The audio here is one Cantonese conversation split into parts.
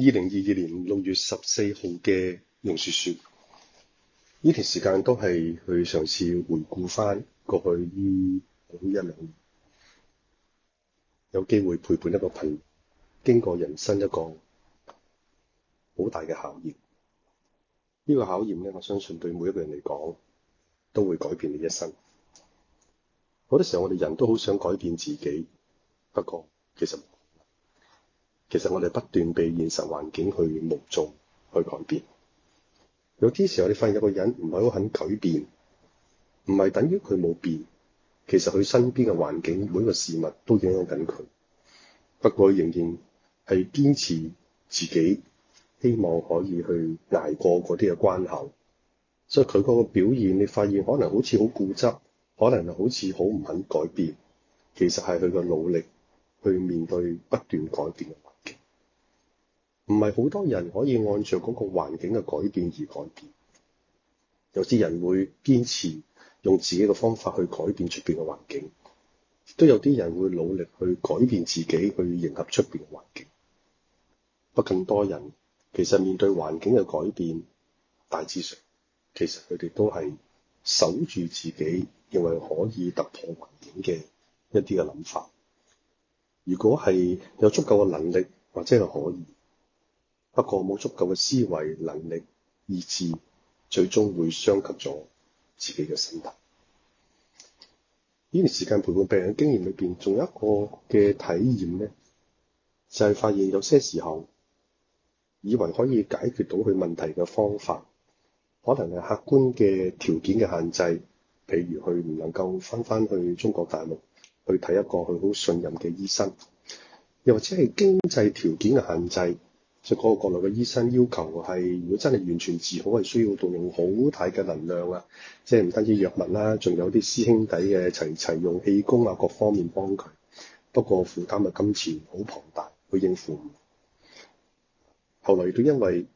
二零二二年六月十四號嘅榕樹說，呢段時間都係去嘗試回顧翻過去呢、嗯、一兩日，有機會陪伴一個朋友，經過人生一個好大嘅考驗。呢、這個考驗咧，我相信對每一個人嚟講都會改變你一生。好多時候我哋人都好想改變自己，不過其實。其實我哋不斷被現實環境去塑造去改變。有啲時候，你發現有個人唔係好肯改變，唔係等於佢冇變。其實佢身邊嘅環境每一個事物都影響緊佢。不過，佢仍然係堅持自己，希望可以去捱過嗰啲嘅關口。所以佢嗰個表現，你發現可能好似好固執，可能好似好唔肯改變。其實係佢嘅努力去面對不斷改變。唔係好多人可以按照嗰個環境嘅改變而改變。有啲人會堅持用自己嘅方法去改變出邊嘅環境，亦都有啲人會努力去改變自己，去迎合出邊嘅環境。不過，更多人其實面對環境嘅改變，大致上其實佢哋都係守住自己認為可以突破環境嘅一啲嘅諗法。如果係有足夠嘅能力，或者係可以。不過冇足夠嘅思維能力、意志，最終會傷及咗自己嘅身體。呢段時間陪伴病人經驗裏邊，仲有一個嘅體驗咧，就係發現有些時候以為可以解決到佢問題嘅方法，可能係客觀嘅條件嘅限制，譬如佢唔能夠翻翻去中國大陸去睇一個佢好信任嘅醫生，又或者係經濟條件嘅限制。即係嗰個國內嘅醫生要求係，如果真係完全治好，係需要動用好大嘅能量啊！即係唔單止藥物啦，仲有啲師兄弟嘅齊齊用氣功啊，各方面幫佢。不過負擔嘅金錢好龐大，去應付。後來亦都因為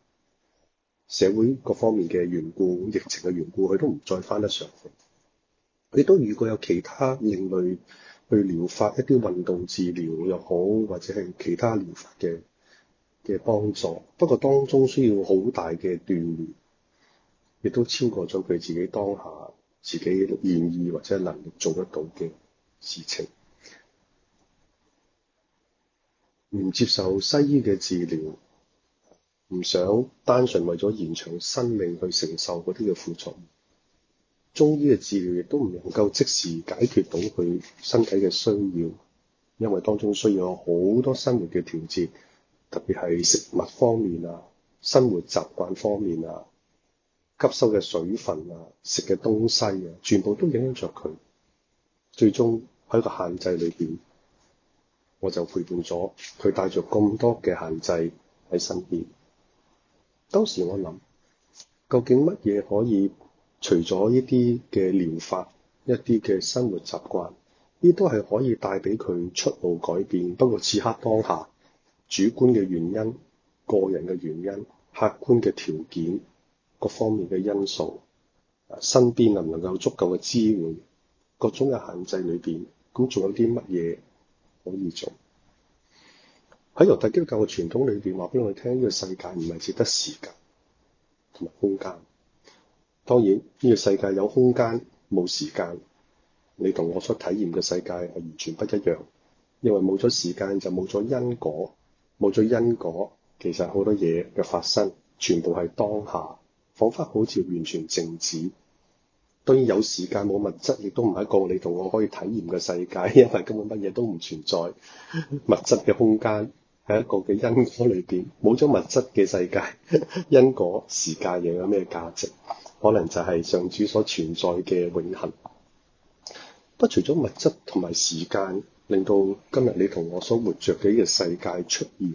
社會各方面嘅緣故、疫情嘅緣故，佢都唔再翻得上嚟。亦都如果有其他另類去療法，一啲運動治療又好，或者係其他療法嘅嘅幫助，不過當中需要好大嘅鍛鍊，亦都超過咗佢自己當下自己願意或者能力做得到嘅事情。唔接受西醫嘅治療，唔想單純為咗延長生命去承受嗰啲嘅負重。中醫嘅治療亦都唔能夠即時解決到佢身體嘅需要，因為當中需要好多生活嘅調節。特別係食物方面啊，生活習慣方面啊，吸收嘅水分啊，食嘅東西啊，全部都影響着佢。最終喺個限制裏邊，我就陪伴咗佢，帶着咁多嘅限制喺身邊。當時我諗，究竟乜嘢可以除咗呢啲嘅療法，一啲嘅生活習慣，亦都係可以帶俾佢出路改變。不過此刻當下。主觀嘅原因、個人嘅原因、客觀嘅條件、各方面嘅因素、啊，身邊能唔能夠有足夠嘅支援，各種嘅限制裏邊，咁仲有啲乜嘢可以做？喺猶太基督教嘅傳統裏邊，話俾我哋聽：呢個世界唔係只得時間同埋空間。當然，呢個世界有空間冇時間，你同我所體驗嘅世界係完全不一樣。因為冇咗時間，就冇咗因果。冇咗因果，其實好多嘢嘅發生，全部係當下，仿佛好似完全靜止。當然有時間冇物質，亦都唔係一個你同我可以體驗嘅世界，因為根本乜嘢都唔存在。物質嘅空間喺一個嘅因果裏邊，冇咗物質嘅世界，因果、時間又有咩價值？可能就係上主所存在嘅永恒。但除咗物質同埋時間。令到今日你同我所活着嘅呢個世界出現，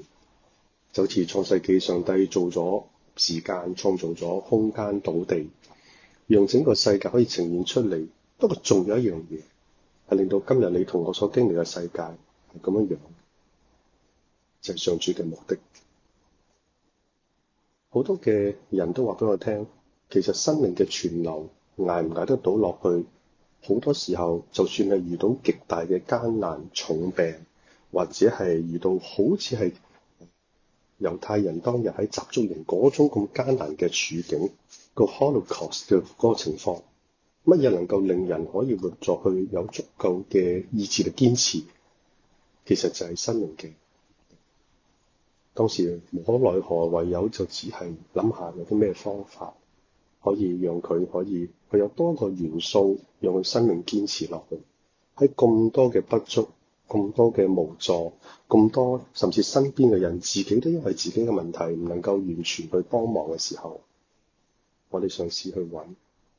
就好似創世紀上帝做咗時間，創造咗空間、土地，讓整個世界可以呈現出嚟。不過仲有一樣嘢，係令到今日你同我所經歷嘅世界係咁樣樣，就係、是、上主嘅目的。好多嘅人都話俾我聽，其實生命嘅存留捱唔捱得到落去？好多時候，就算係遇到極大嘅艱難、重病，或者係遇到好似係猶太人當日喺集中營嗰種咁艱難嘅處境，個 Holocaust 嘅個情況，乜嘢能夠令人可以活在去有足夠嘅意志力堅持？其實就係新靈記。當時無可奈何，唯有就只係諗下有啲咩方法。可以讓佢可以佢有多個元素，讓佢生命堅持落去。喺咁多嘅不足、咁多嘅無助、咁多甚至身邊嘅人，自己都因為自己嘅問題唔能夠完全去幫忙嘅時候，我哋嘗試去揾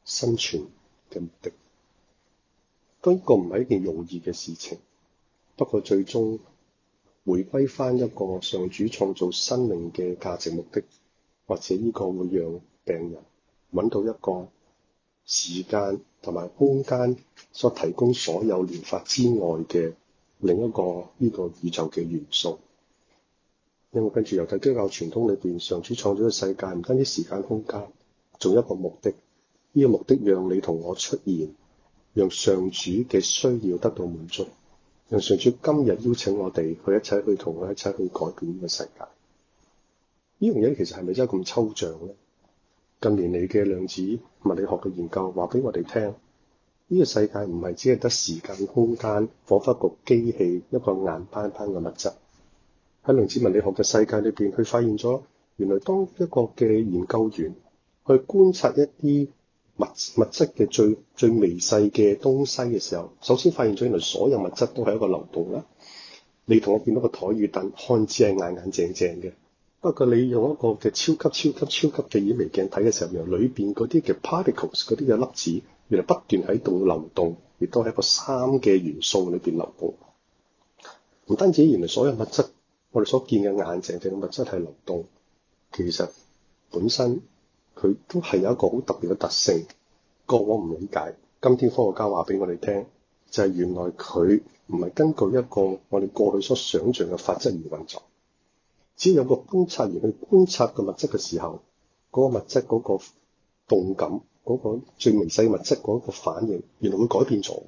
生存嘅目的。咁呢個唔係一件容易嘅事情。不過最終回歸翻一個上主創造生命嘅價值目的，或者呢個會讓病人。揾到一個時間同埋空間所提供所有療法之外嘅另一個呢個宇宙嘅元素，因為跟住由基督教傳統裏邊，上主創造一個世界，唔單止時間空間，仲有一個目的。呢個目的讓你同我出現，讓上主嘅需要得到滿足，讓上主今日邀請我哋去一齊去同佢一齊去改變呢個世界。呢樣嘢其實係咪真係咁抽象咧？近年嚟嘅量子物理學嘅研究話俾我哋聽，呢個世界唔係只係得時間空間，彷彿個機器一個硬邦邦嘅物質。喺量子物理學嘅世界裏邊，佢發現咗原來當一個嘅研究員去觀察一啲物物質嘅最最微細嘅東西嘅時候，首先發現咗原來所有物質都係一個流動啦。你同我見到個台與凳，看似係硬硬正正嘅。不過你用一個嘅超級超級超級嘅顯微鏡睇嘅時候，原來裏邊嗰啲嘅 particles 嗰啲嘅粒子，原來不斷喺度流動，亦都喺一個三嘅元素裏邊流動。唔單止原來所有物質，我哋所見嘅硬淨淨嘅物質係流動，其實本身佢都係有一個好特別嘅特性。過往唔理解，今天科學家話俾我哋聽，就係、是、原來佢唔係根據一個我哋過去所想像嘅法則而運作。只要有個觀察員去觀察個物質嘅時候，嗰個物質嗰個動感，嗰個最微細物質嗰個反應，原來會改變咗。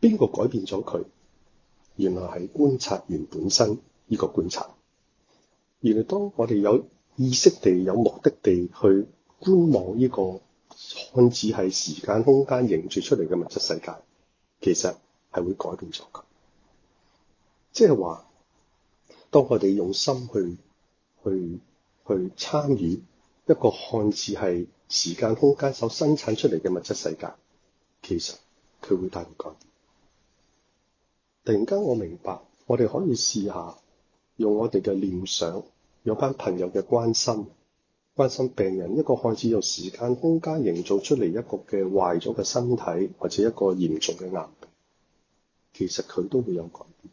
邊個改變咗佢？原來係觀察員本身呢個觀察。原來當我哋有意識地、有目的地去觀望呢個看似係時間空間凝聚出嚟嘅物質世界，其實係會改變咗佢。即係話。當我哋用心去、去、去參與一個看似係時間空間所生產出嚟嘅物質世界，其實佢會帶嚟改變。突然間，我明白我哋可以試下用我哋嘅念想，有班朋友嘅關心，關心病人一個看似用時間空間營造出嚟一個嘅壞咗嘅身體，或者一個嚴重嘅癌病，其實佢都會有改變。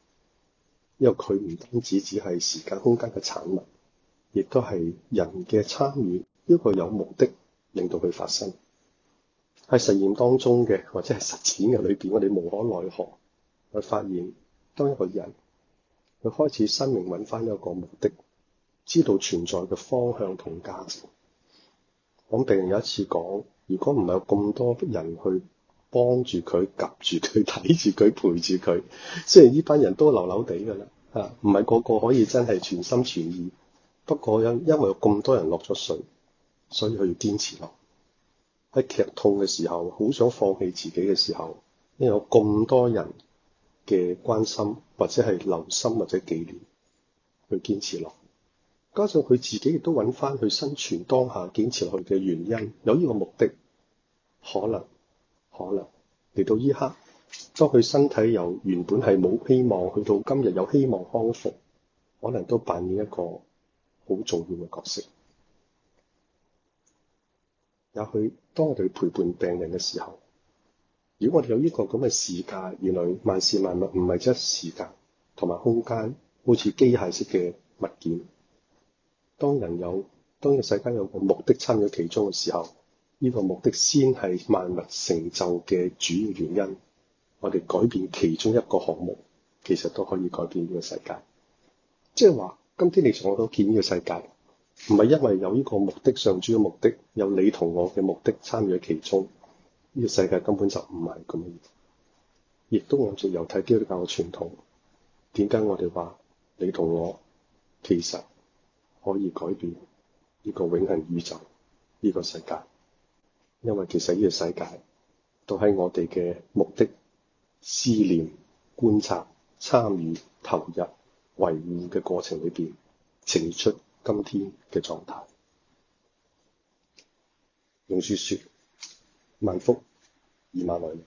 因為佢唔單止只係時間空間嘅產物，亦都係人嘅參與一個有目的令到佢發生。喺實驗當中嘅，或者係實踐嘅裏邊，我哋無可奈何去發現，當一個人佢開始生命揾翻，一個目的，知道存在嘅方向同價值。我唔定有一次講，如果唔係有咁多人去。幫住佢，及住佢，睇住佢，陪住佢。雖然呢班人都流流地噶啦，吓唔係個個可以真係全心全意。不過因因為有咁多人落咗水，所以佢要堅持落。喺劇痛嘅時候，好想放棄自己嘅時候，因為有咁多人嘅關心或者係留心或者紀念，去堅持落。加上佢自己亦都揾翻去生存當下堅持落去嘅原因，有呢個目的，可能。可能嚟到依刻，當佢身體由原本係冇希望，去到今日有希望康復，可能都扮演一個好重要嘅角色。也許當我哋陪伴病人嘅時候，如果我哋有呢個咁嘅時間，原來萬事萬物唔係一時間同埋空間，好似機械式嘅物件。當人有，當個世界有個目的參與其中嘅時候。呢個目的先係萬物成就嘅主要原因。我哋改變其中一個項目，其實都可以改變呢個世界。即係話，今天你所見呢個世界，唔係因為有呢個目的上主要目的，有你同我嘅目的參與其中，呢個世界根本就唔係咁樣。亦都按住猶太基督教嘅傳統，點解我哋話你同我其實可以改變呢個永恆宇宙、呢個世界？因為其實呢個世界都喺我哋嘅目的、思念、觀察、參與、投入、維護嘅過程裏邊呈現出今天嘅狀態。用雪雪，萬福爾馬內。